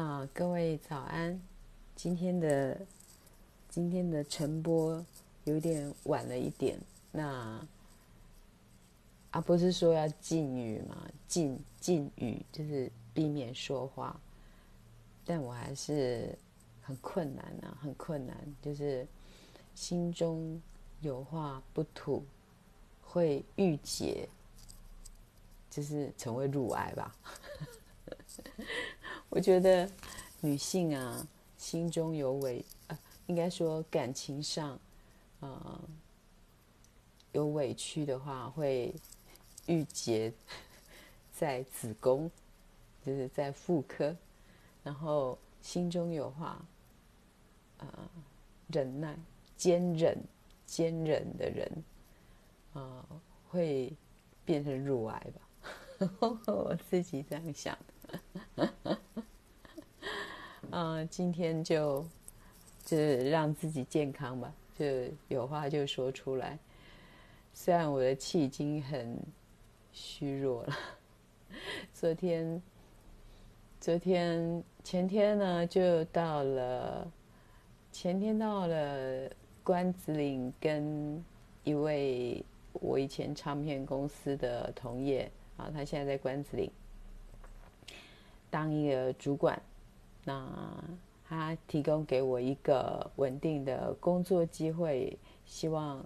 啊，各位早安！今天的今天的晨播有點晚了一點。那啊，不是說要禁語嗎？禁禁語就是避免說話，但我還是很困難啊，很困難，就是心中有話不吐，會鬱結，就是成為乳癌吧。 我覺得女性啊，心中有委、呃，應該說感情上，啊、呃，有委屈的話會鬱結在子宮，就是在婦科，然後心中有話、呃，忍耐、堅忍、堅忍的人，啊、呃，會變成乳癌吧？ 我自己這樣想。 嗯，今天就就是讓自己健康吧，就有話就說出來。雖然我的氣已經很虛弱了，昨天、昨天、前天呢，就到了，前天到了關子嶺，跟一位我以前唱片公司的同業啊，他現在在關子嶺當一個主管。那他提供給我一個穩定的工作機會，希望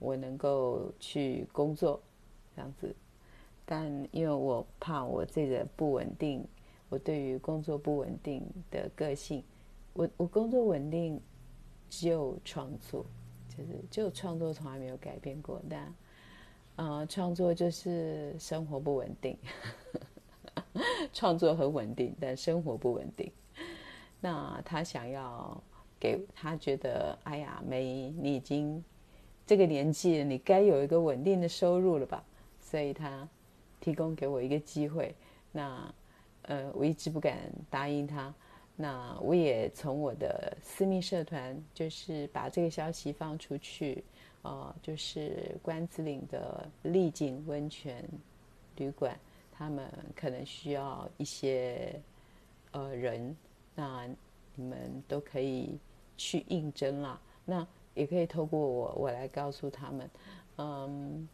我能夠去工作，這樣子。但因為我怕我自己的不穩定，我對於工作不穩定的個性，我我工作穩定，只有創作，就是就創作從來沒有改變過。但，呃，創作就是生活不穩定。 創作很穩定，但生活不穩定。那他想要給他覺得，哎呀，玫怡，你已經這個年紀，你該有一個穩定的收入了吧？所以他提供給我一個機會。那呃，我一直不敢答應他。那我也從我的私密社團，就是把這個消息放出去。呃，就是關子嶺的麗景溫泉旅館。他們可能需要一些呃人，那你們都可以去應徵啦。那也可以透過我，我來告訴他們。嗯，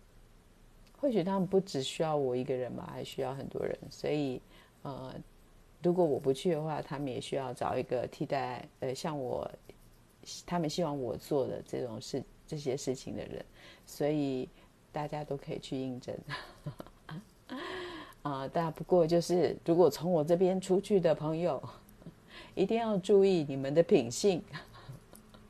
或許他們不只需要我一個人吧，還需要很多人。所以，呃，如果我不去的話，他們也需要找一個替代。呃，像我，他們希望我做的這種事、這些事情的人，所以大家都可以去應徵。啊，但不過就是，如果從我這邊出去的朋友，一定要注意你們的品性，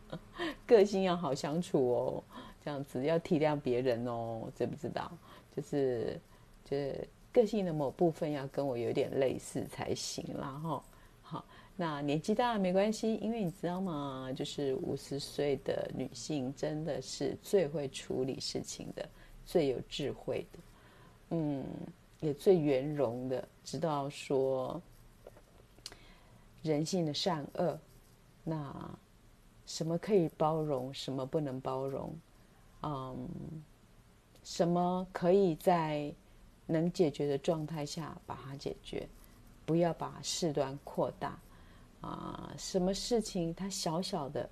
呵呵個性要好相處哦。這樣子要體諒別人哦，知不知道？就是就是個性的某部分要跟我有點類似才行啦。哈，好，那年紀大沒關係，因為你知道嗎？就是五十歲的女性真的是最會處理事情的，最有智慧的。嗯。也最圓融的，知道說人性的善惡，那什麼可以包容，什麼不能包容，嗯，什麼可以在能解決的狀態下把它解決，不要把事端擴大啊、嗯。什麼事情它小小的，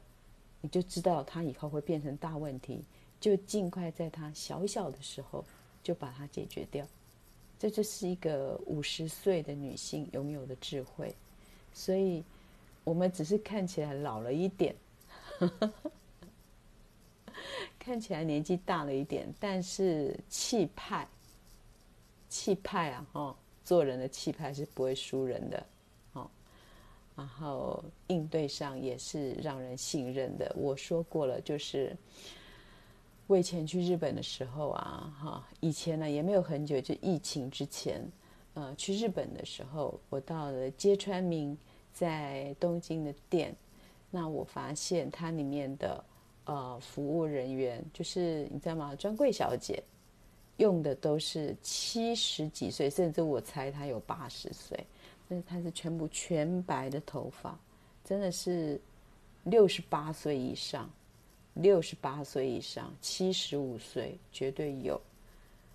你就知道它以後會變成大問題，就儘快在它小小的時候就把它解決掉。這就是一個五十歲的女性擁有的智慧，所以我們只是看起來老了一點， 看起來年紀大了一點，但是氣派，氣派啊！哈、哦，做人的氣派是不會輸人的，哦，然後應對上也是讓人信任的。我說過了，就是。我以前去日本的時候啊，哈，以前呢也沒有很久，就疫情之前，呃，去日本的時候，我到了街川明在東京的店，那我發現它裡面的呃服務人員，就是你知道嗎？專櫃小姐用的都是七十幾歲，甚至我猜她有八十歲，但是她是全部全白的頭髮，真的是六十八歲以上。六十八歲以上，七十五歲絕對有。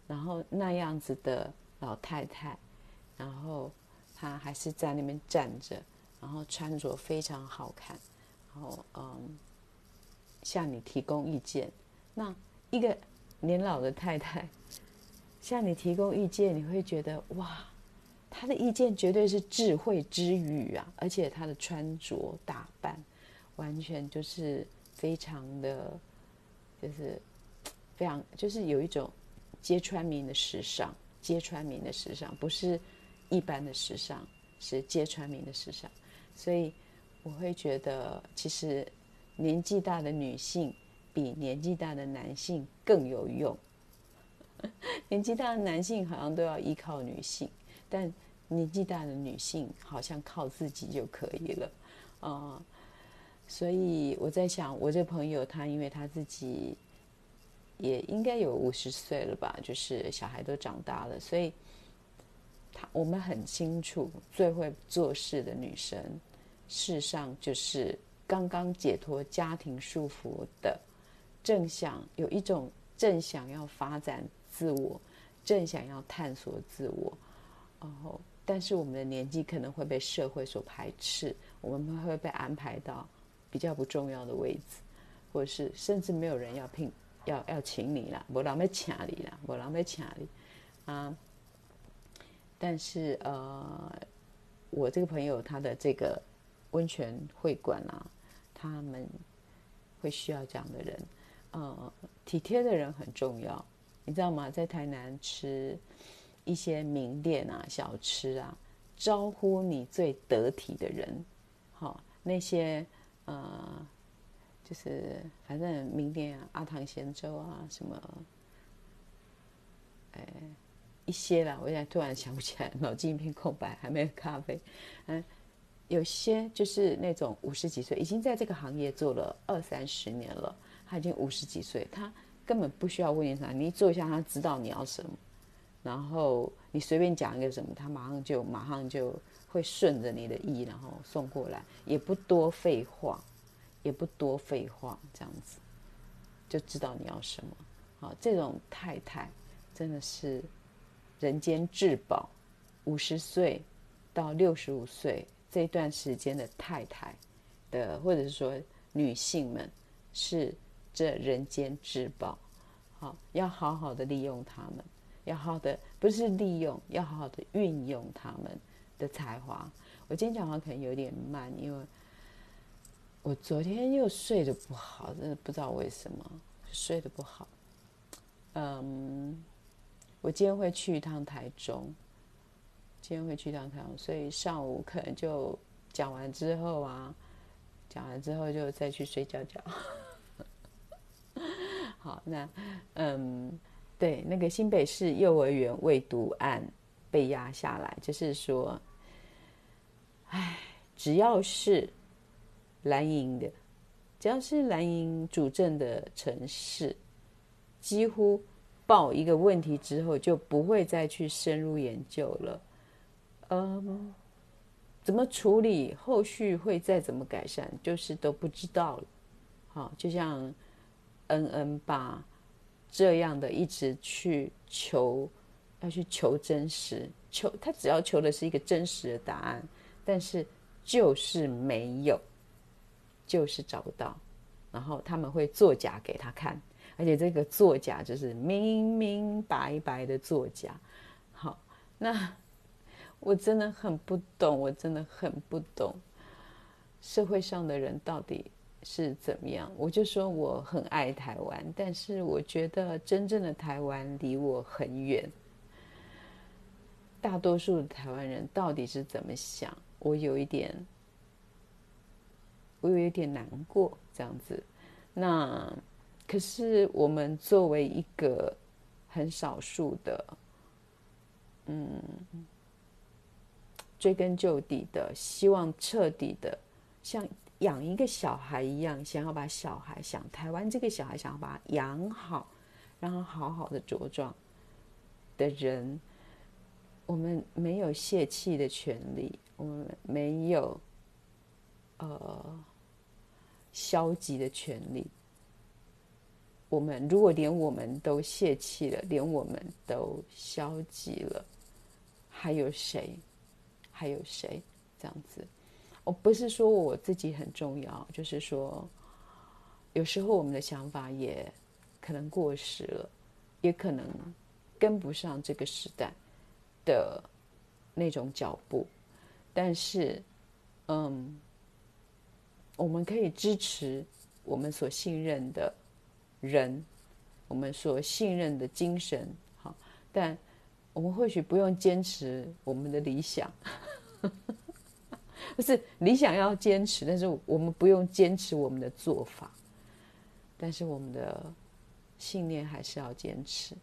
然後那樣子的老太太，然後她還是在那邊站着，然後穿着非常好看。然後嗯，向你提供意見。那一個年老的太太向你提供意見，你會覺得哇，她的意見絕對是智慧之語啊！而且她的穿着打扮完全就是。非常的，就是非常，就是有一種皆川明的時尚，皆川明的時尚不是一般的時尚，是皆川明的時尚。所以我會覺得，其實年紀大的女性比年紀大的男性更有用。 年紀大的男性好像都要依靠女性，但年紀大的女性好像靠自己就可以了，啊、呃。所以我在想，我這朋友她，因為她自己也應該有五十歲了吧？就是小孩都長大了，所以她我們很清楚，最會做事的女生，事實上就是剛剛解脫家庭束縛的，正想有一種正想要發展自我，正想要探索自我，然後但是我們的年紀可能會被社會所排斥，我們會被安排到。比較不重要的位置，或是甚至沒有人要聘，要要請你啦，沒人要請你啦，沒人要請你啊。但是呃，我這個朋友他的這個溫泉會館啊，他們會需要這樣的人，呃，體貼的人很重要，你知道嗎？在台南吃一些名店啊、小吃啊，招呼你最得體的人，好、哦、那些。呃，就是反正明天，啊、阿唐賢州啊什麼，哎一些了，我現在突然想不起來，腦筋一片空白，還沒有咖啡。嗯、哎，有些就是那種五十幾歲，已經在這個行業做了二三十年了，他已經五十幾歲，他根本不需要問你啥，你一坐下他知道你要什麼，然後你隨便講一個什麼，他馬上就馬上就。會順着你的意，然後送過來，也不多廢話，也不多廢話，這樣子就知道你要什麼。好，這種太太真的是人間至寶。五十歲到六十五歲這段時間的太太的，或者是說女性們是這人間至寶。好，要好好的利用他們，要好好的，不是利用，要好好的運用他們。的才華，我今天講話可能有點慢，因為我昨天又睡得不好，真的不知道為什麼睡得不好。嗯，我今天會去一趟台中，今天會去一趟台中，所以上午可能就講完之後啊，講完之後就再去睡覺覺。 好，那嗯，對，那個新北市幼兒園餵藥案。被壓下來，就是說，哎，只要是藍營的，只要是藍營主政的城市，幾乎報一個問題之後，就不會再去深入研究了。嗯，怎麼處理，後續會再怎麼改善，就是都不知道了。好，就像恩恩吧，這樣的一直去求。他去求真實，求他只要求的是一個真實的答案，但是就是沒有，就是找不到。然後他們會作假給他看，而且這個作假就是明明白白的作假。好，那我真的很不懂，我真的很不懂社會上的人到底是怎麼樣。我就說我很愛台灣，但是我覺得真正的台灣離我很遠。大多數的台灣人到底是怎麼想？我有一點，我有一點難過，這樣子。那可是我們作為一個很少數的，嗯，追根究底的，希望徹底的，像養一個小孩一樣，想要把小孩想，想台灣這個小孩，想要把他養好，讓他好好的茁壯的人。我們沒有洩氣的權利，我們沒有呃消極的權利。我們如果連我們都洩氣了，連我們都消極了，還有誰？還有誰？這樣子，我不是說我自己很重要，就是說有時候我們的想法也可能過時了，也可能跟不上這個時代。的那種腳步，但是，嗯，我們可以支持我們所信任的人，我們所信任的精神，好，但我們或許不用堅持我們的理想， 不是理想要堅持，但是我們不用堅持我們的做法，但是我們的信念還是要堅持，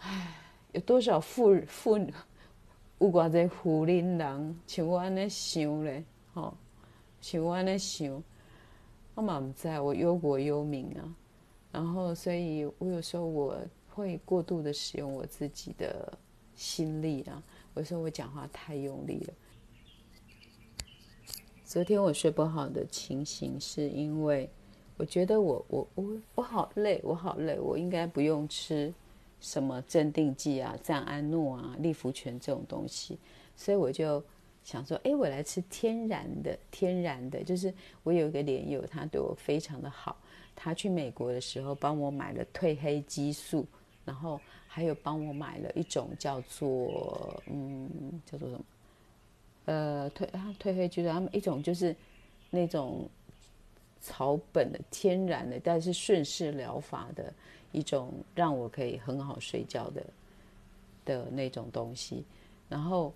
哎。有多少富富？有偌儕富人，人，人像我安尼想咧，哦，像我安尼想，我嘛毋知，我憂國憂民啊。然後，所以我有時候我會過度的使用我自己的心力啊。我有時候我講話太用力了。昨天我睡不好的情形，是因為我覺得我我我我好累，我好累，我應該不用吃。什麼鎮定劑啊、贊安諾啊、利福全這種東西，所以我就想說，哎、欸，我來吃天然的，天然的。就是我有一個蓮友，他對我非常的好，他去美國的時候幫我買了褪黑激素，然後還有幫我買了一種叫做嗯，叫做什麼？呃，褪啊褪黑激素，他們一種就是那種草本的、天然的，但是順勢療法的。一種讓我可以很好睡覺的的那種東西，然後，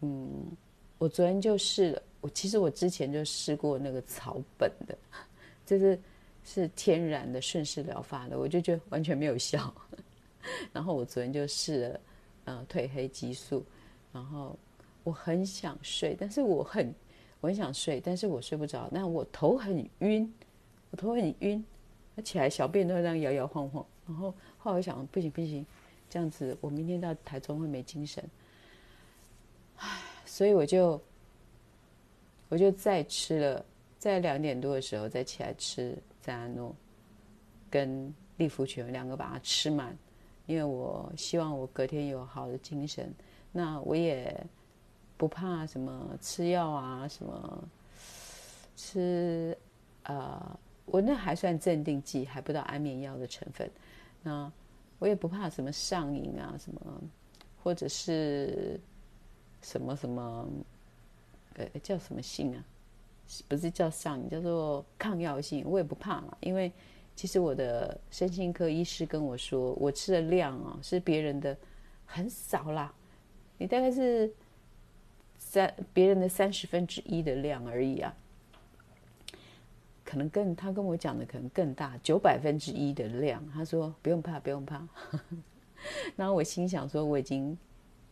嗯，我昨天就試了。我其實我之前就試過那個草本的，就是是天然的順勢療法的，我就覺得完全沒有效。然後我昨天就試了，嗯、呃，褪黑激素。然後我很想睡，但是我很我很想睡，但是我睡不着。那我頭很暈，我頭很暈。我起來小便都這樣搖搖晃晃，然後後來我想不行不行，這樣子我明天到台中會沒精神，唉，所以我就我就再吃了，在兩點多的時候再起來吃贊安諾跟利福全兩個把它吃滿，因為我希望我隔天有好的精神，那我也不怕什麼吃藥啊，什麼吃呃。我那還算鎮定劑，還不到安眠藥的成分。那我也不怕什麼上癮啊，什麼，或者是什麼什麼，呃、欸，叫什麼性啊？不是叫上癮，叫做抗藥性。我也不怕嘛，因為其實我的身心科醫師跟我說，我吃的量啊，是別人的很少啦。你大概是三，別人的三十分之一的量而已啊。可能更他跟我講的可能更大，九百分之一的量。他說不用怕，不用怕。 然後我心想說，我已經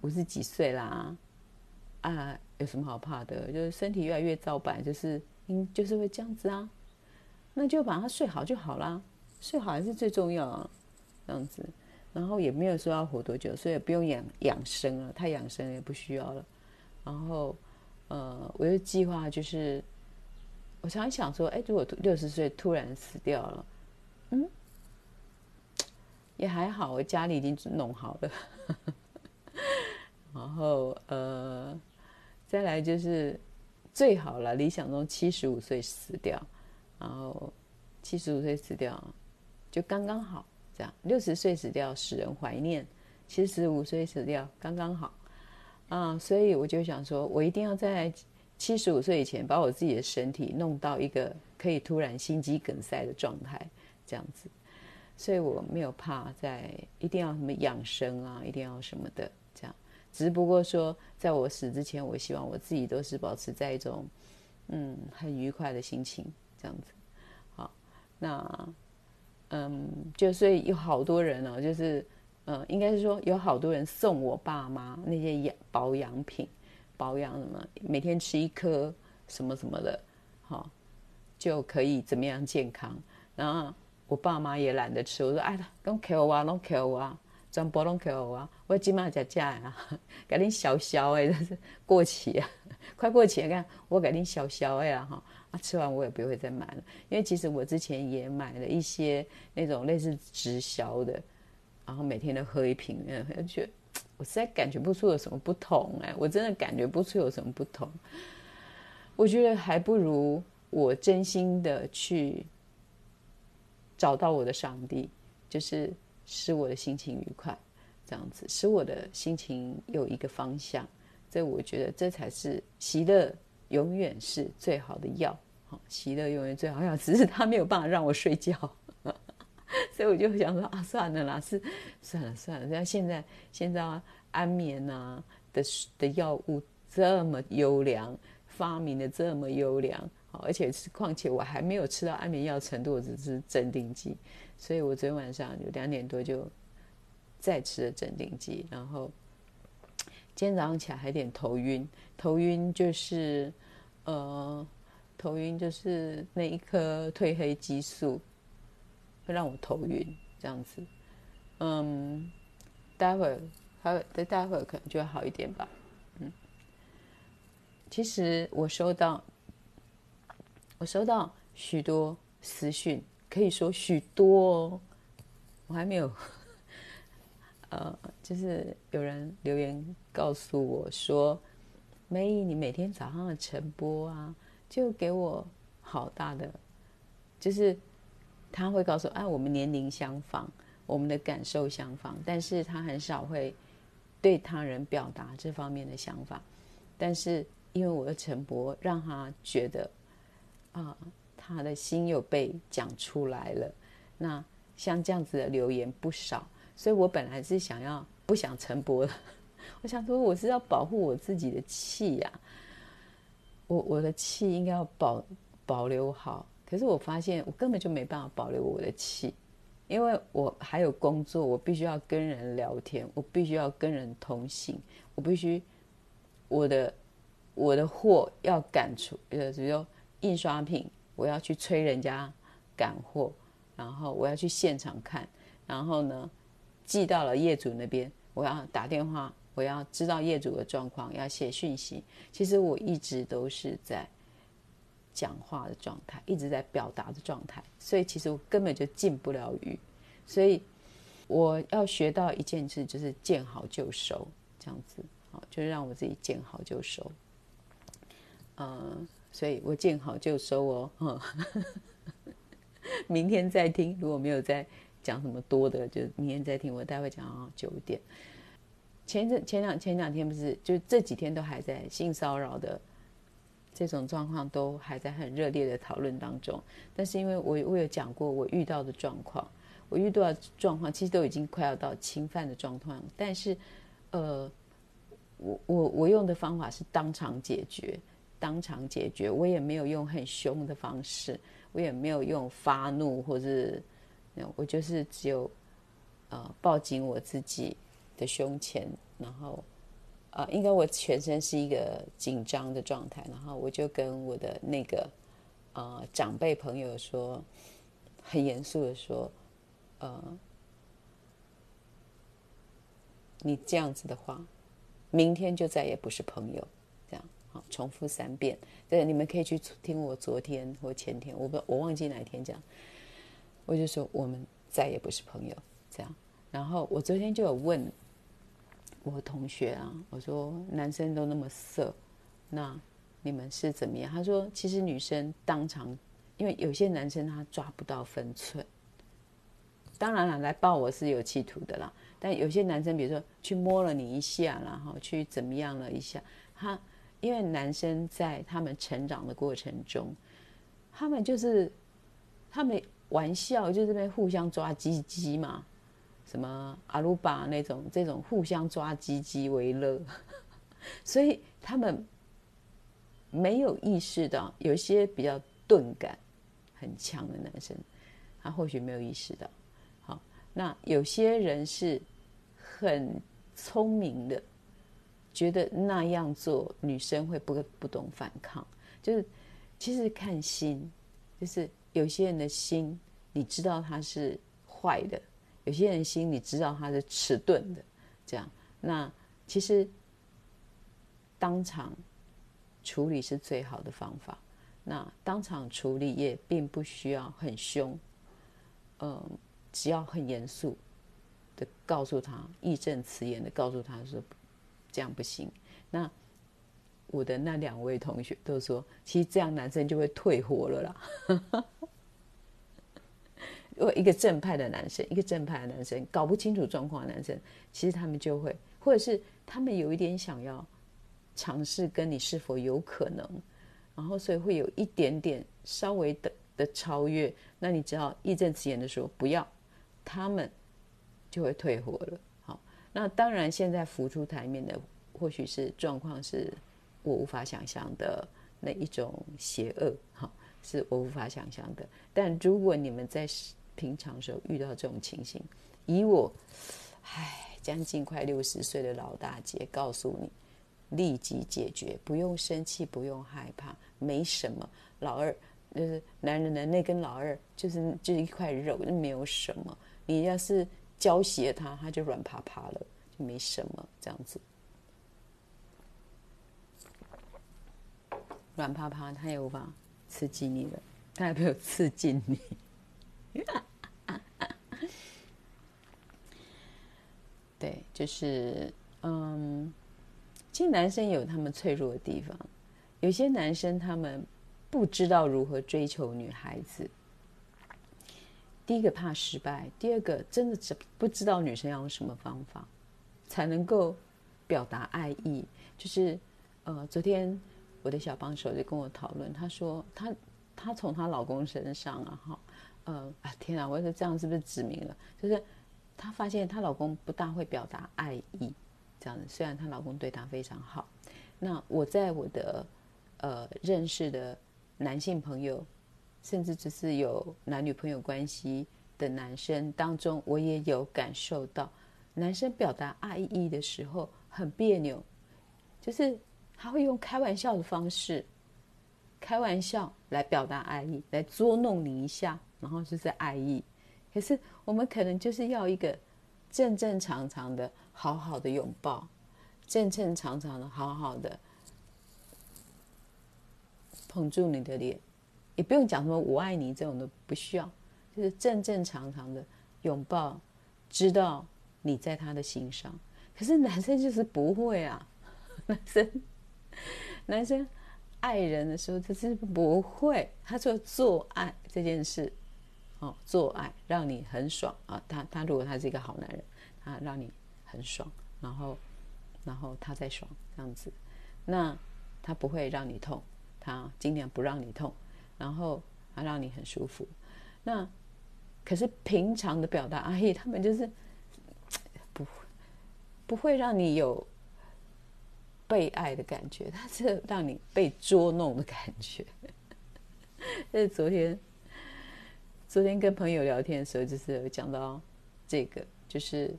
五十幾歲啦，啊，啊，有什麼好怕的？就是身體越來越照板，就是嗯，就是會這樣子啊。那就把它睡好就好啦，睡好還是最重要啊。這樣子，然後也沒有說要活多久，所以不用養養生了，太養生了也不需要了。然後，呃，我就計劃就是。我常常想說，哎、欸，如果六十歲突然死掉了，嗯，也還好，我家裡已經弄好了。 然後，呃，再來就是最好了，理想中七十五歲死掉，然後七十五歲死掉就剛剛好，這樣六十歲死掉使人懷念，七十五歲死掉剛剛好，嗯，所以我就想說，我一定要在。七十五歲以前，把我自己的身體弄到一個可以突然心肌梗塞的狀態，這樣子，所以我沒有怕在一定要什麼養生啊，一定要什麼的這樣。只不過說，在我死之前，我希望我自己都是保持在一種，嗯，很愉快的心情這樣子。好，那，嗯，就所以有好多人哦，就是，嗯，應該是說有好多人送我爸媽那些養保養品。保養什麼？每天吃一顆什麼什麼的，好、哦、就可以怎麼樣健康。然後我爸媽也懶得吃，我說：“哎，都給我啊，都給我啊，都給我啊，轉播都給我啊。我今晚要加價呀，改天消消哎，過期啊，快過期了，看我改天消消哎呀哈，啊吃完我也不會再買了，因為其實我之前也買了一些那種類似直銷的，然後每天都喝一瓶，嗯，就。我實在感覺不出有什麼不同哎，我真的感覺不出有什麼不同。我覺得還不如我真心的去找到我的上帝，就是使我的心情愉快，這樣子使我的心情有一個方向。所以我覺得這才是喜樂，永遠是最好的藥。好，喜樂永遠最好藥，只是它沒有辦法讓我睡覺。 所以我就想說啊，算了啦，是算了算了。現在現在安眠啊的的藥物這麼優良，發明的這麼優良好，而且是況且我還沒有吃到安眠藥程度，我只是鎮定劑。所以我昨天晚上有兩點多就再吃了鎮定劑，然後今天早上起來還有點頭暈，頭暈就是呃頭暈就是那一顆褪黑激素。讓我頭暈，這樣子，嗯，待會兒，待待待會兒可能就會好一點吧，嗯。其實我收到，我收到許多私訊，可以說許多哦。我還沒有，呵呵呃，就是有人留言告訴我說，玫怡，你每天早上的晨播啊，就給我好大的，就是。他會告訴：“哎、啊，我們年齡相仿，我們的感受相仿。”但是他很少會對他人表達這方面的想法。但是因為我的晨播，讓他覺得啊，他的心又被講出來了。那像這樣子的留言不少，所以我本來是想要不想晨播了。我想說，我是要保護我自己的氣呀、啊，我我的氣應該要保保留好。可是我發現我根本就沒辦法保留我的氣，因為我還有工作，我必須要跟人聊天，我必須要跟人通信，我必須，我的，我的貨要趕出，呃，比如說印刷品，我要去催人家趕貨，然後我要去現場看，然後呢，寄到了業主那邊，我要打電話，我要知道業主的狀況，要寫訊息。其實我一直都是在。講話的狀態，一直在表達的狀態，所以其實我根本就進不了魚，所以我要學到一件事，就是見好就收，這樣子，好，就是讓我自己見好就收。嗯，所以我見好就收哦呵呵。明天再聽，如果沒有再講什麼多的，就明天再聽。我待會講到九、哦、點。前陣前兩前兩天不是，就是這幾天都還在性騷擾的。這種狀況都還在很熱烈的討論當中，但是因為我我有講過我遇到的狀況，我遇到的狀況其實都已經快要到侵犯的狀況，但是，呃，我我我用的方法是當場解決，當場解決，我也沒有用很凶的方式，我也沒有用發怒，或是，我就是只有，呃，抱緊我自己的胸前，然後。啊、呃，應該我全身是一個緊張的狀態，然後我就跟我的那個啊、呃、長輩朋友說，很嚴肅的說，呃，你這樣子的話，明天就再也不是朋友，這樣好，重複三遍。對，你們可以去聽我昨天或前天，我不我忘記哪一天講，我就說我們再也不是朋友，這樣。然後我昨天就有問。我同學啊，我說男生都那麼色，那你們是怎麼樣？他說其實女生當場，因為有些男生他抓不到分寸。當然了，來抱我是有企圖的啦。但有些男生，比如說去摸了你一下啦，然後去怎麼樣了一下，他因為男生在他們成長的過程中，他們就是他們玩笑就是在那邊互相抓雞雞嘛。什麼阿魯巴那種這種互相抓雞雞為樂， 所以他們沒有意識到，有些比較鈍感很強的男生，他或許沒有意識到。好，那有些人是很聰明的，覺得那樣做女生會不不懂反抗，就是其實看心，就是有些人的心，你知道他是壞的。有些人心裡知道他是遲鈍的，這樣，那其實當場處理是最好的方法。那當場處理也並不需要很凶，嗯，只要很嚴肅的告訴他，義正詞嚴的告訴他說，這樣不行。那我的那兩位同學都說，其實這樣男生就會退火了啦。 如果一個正派的男生，一個正派的男生搞不清楚狀況的男生，其實他們就會，或者是他們有一點想要嘗試跟你是否有可能，然後所以會有一點點稍微的的超越。那你只要義正辭嚴的說不要，他們就會退火了。好，那當然現在浮出台面的或許是狀況是我無法想象的那一種邪惡，哈，是我無法想象的。但如果你們在平常時候遇到這種情形，以我，唉，將近快六十歲的老大姐告訴你，立即解決，不用生氣，不用害怕，沒什麼。老二，就是男人的那根老二，就是就是一塊肉，就沒有什麼。你要是嬌脅他，他就軟趴趴了，就沒什麼，這樣子。軟趴趴，他也無法刺激你了，他也沒有刺激你。 對，就是嗯，其實男生有他們脆弱的地方。有些男生他們不知道如何追求女孩子。第一個怕失敗，第二個真的只不知道女生要用什麼方法才能夠表達愛意。就是呃，昨天我的小幫手就跟我討論，他說她她從她老公身上啊，哈。呃天啊！我說這樣是不是指明了？就是她發現她老公不大會表達愛意，這樣子。雖然她老公對她非常好，那我在我的呃認識的男性朋友，甚至只是有男女朋友關係的男生當中，我也有感受到，男生表達愛意的時候很彆扭，就是他會用開玩笑的方式，開玩笑來表達愛意，來捉弄你一下。然後就是愛意，可是我們可能就是要一個正正常常的、好好的擁抱，正正常常的、好好的捧住你的臉，也不用講什麼“我愛你”這種的，不需要，就是正正常常的擁抱，知道你在他的心上。可是男生就是不會啊，男生，男生愛人的時候，就是不會，他做做愛這件事。哦，做愛讓你很爽啊、哦！他他如果他是一個好男人，他讓你很爽，然後，然後他再爽這樣子，那他不會讓你痛，他盡量不讓你痛，然後他讓你很舒服。那可是平常的表達愛意，他們就是不不會讓你有被愛的感覺，他是讓你被捉弄的感覺。這 是昨天。昨天跟朋友聊天的時候，就是有講到這個，就是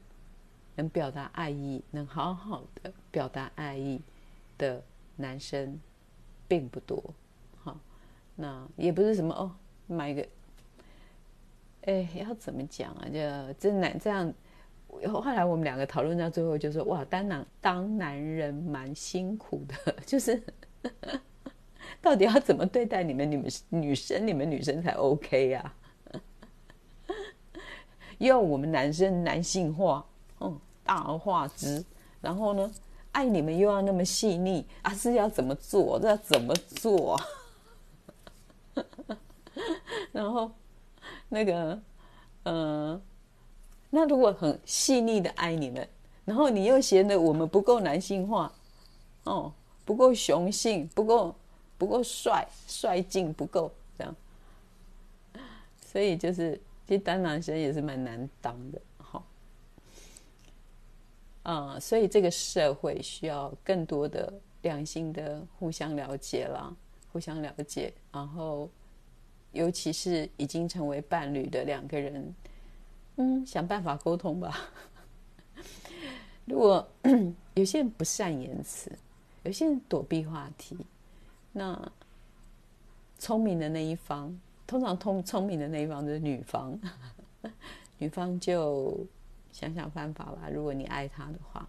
能表達愛意，能好好的表達愛意的男生並不多。好，那也不是什麼哦，買一個，哎，要怎麼講啊？就這男這樣，後來我們兩個討論到最後，就是，就說哇，當男當男人蠻辛苦的，就是呵呵到底要怎麼對待你們？你們女生，你們女生才 OK 呀，啊。要我們男生男性化，嗯，大而化之，然後呢，愛你們又要那麼細膩啊，是要怎麼做？要怎麼做、啊？ 然後那個，嗯、呃，那如果很細膩的愛你們，然後你又嫌得我們不夠男性化，哦、嗯，不夠雄性，不夠不夠帥，帥勁不夠，這樣，所以就是。其實單男其實也是蠻難當的，好，嗯，所以這個社會需要更多的兩性的互相了解啦，互相了解，然後尤其是已經成為伴侶的兩個人，嗯，想辦法溝通吧。 如果 有些人不善言辭，有些人躲避話題，那聰明的那一方。通常，通聰明的那一方就是女方。 女方就想想辦法吧。如果你愛他的話，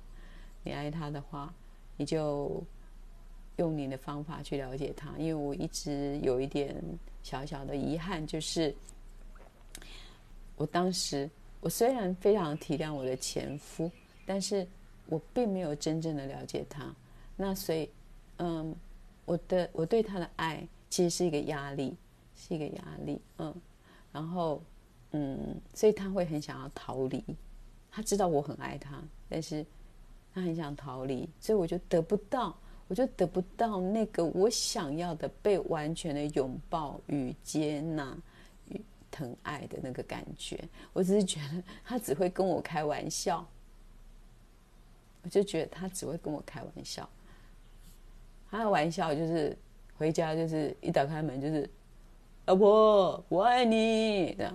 你愛他的話，你就用你的方法去了解他。因為我一直有一點小小的遺憾，就是我當時我雖然非常體諒我的前夫，但是我並沒有真正的了解他。那所以，嗯，我的我對他的愛其實是一個壓力。是一個壓力，嗯，然後，嗯，所以他會很想要逃離。他知道我很愛他，但是他很想逃離，所以我就得不到，我就得不到那個我想要的被完全的擁抱與接納與疼愛的那個感覺。我只是覺得他只會跟我開玩笑，我就覺得他只會跟我開玩笑。他的玩笑就是回家就是一打開門就是。老婆，我愛你，這樣，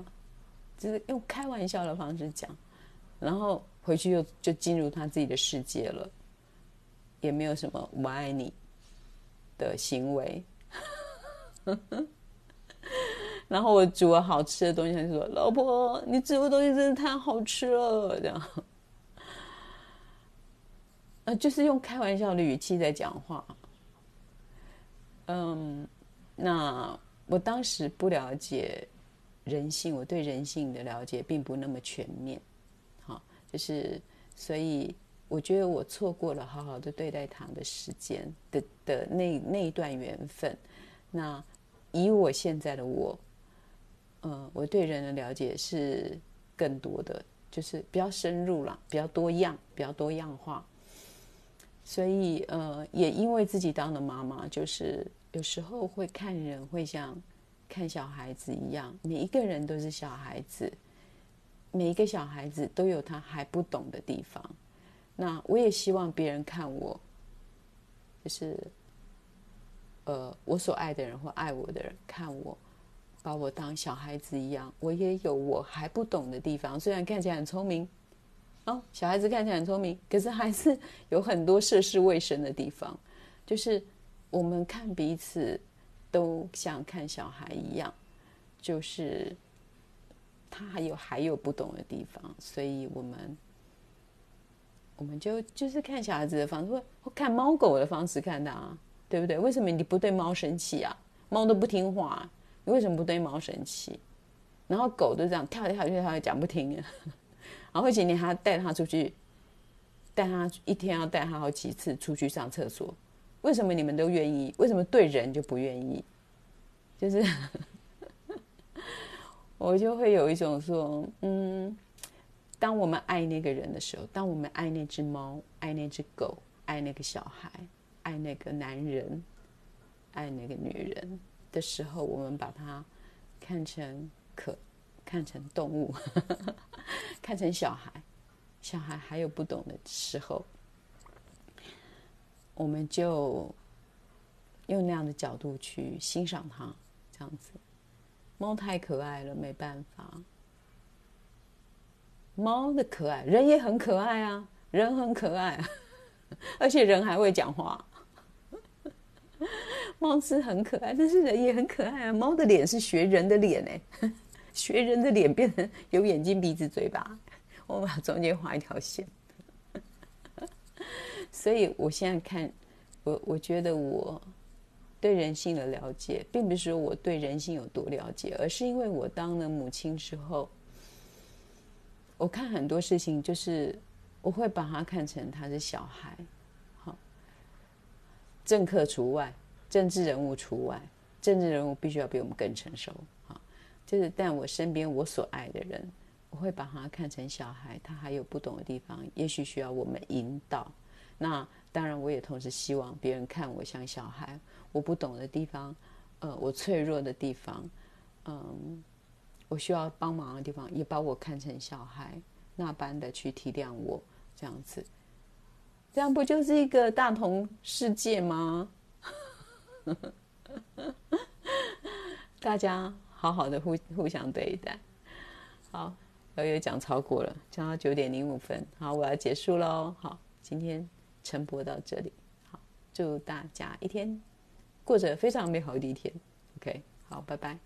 就是用開玩笑的方式講，然後回去又就，就進入他自己的世界了，也沒有什麼我愛你的行為， 然後我煮了好吃的東西，他就說：“老婆，你煮的東西真的太好吃了。”這樣，就是用開玩笑的語氣在講話，嗯，那。我當時不了解人性，我對人性的了解並不那麼全面，好，就是所以我覺得我錯過了好好的對待他的時間的的那那一段緣分。那以我現在的我，嗯、呃，我對人的了解是更多的，就是比較深入了，比較多樣，比較多樣化。所以，呃，也因為自己當了媽媽，就是。有時候會看人，會像看小孩子一樣，每一個人都是小孩子，每一個小孩子都有他還不懂的地方。那我也希望別人看我，就是，呃，我所愛的人或愛我的人看我，把我當小孩子一樣。我也有我還不懂的地方，雖然看起來很聰明，哦，小孩子看起來很聰明，可是還是有很多涉世未深的地方，就是。我們看彼此都像看小孩一樣，就是他還有還有不懂的地方，所以我們我們就就是看小孩子的方式，或看貓狗的方式看他啊，對不對？為什麼你不對貓生氣啊？貓都不聽話啊，你為什麼不對貓生氣？然後狗都這樣跳一跳一跳一跳一講不聽，然後今天他帶他出去，帶他一天要帶他好幾次出去上廁所。為什麼你們都願意？為什麼對人就不願意？就是 我就會有一種說，嗯，當我們愛那個人的時候，當我們愛那隻貓、愛那隻狗、愛那個小孩、愛那個男人、愛那個女人的時候，我們把它看成可，看成動物， 看成小孩，小孩還有不懂的時候。我們就用那樣的角度去欣賞它，這樣子。貓太可愛了，沒辦法。貓的可愛，人也很可愛啊，人很可愛，而且人還會講話。貓是很可愛，但是人也很可愛啊。貓的臉是學人的臉欸，學人的臉變成有眼睛、鼻子、嘴巴，我們把中間畫一條線。所以，我現在看，我我覺得我對人性的了解，並不是說我對人性有多了解，而是因為我當了母親之後，我看很多事情，就是我會把他看成他是小孩，好，政客除外，政治人物除外，政治人物必須要比我們更成熟，好，就是但我身邊我所愛的人，我會把他看成小孩，他還有不懂的地方，也許需要我們引導。那當然，我也同時希望別人看我像小孩，我不懂的地方，呃，我脆弱的地方，嗯，我需要幫忙的地方，也把我看成小孩，那般的去體諒我，這樣子，這樣不就是一個大同世界嗎？ 大家好好的互互相對待，好，我又講超過了，講到九點零五分，好，我要結束嘍，好，今天。晨播到這裡，好，祝大家一天 過着非常美好的一天。OK，好， 拜拜。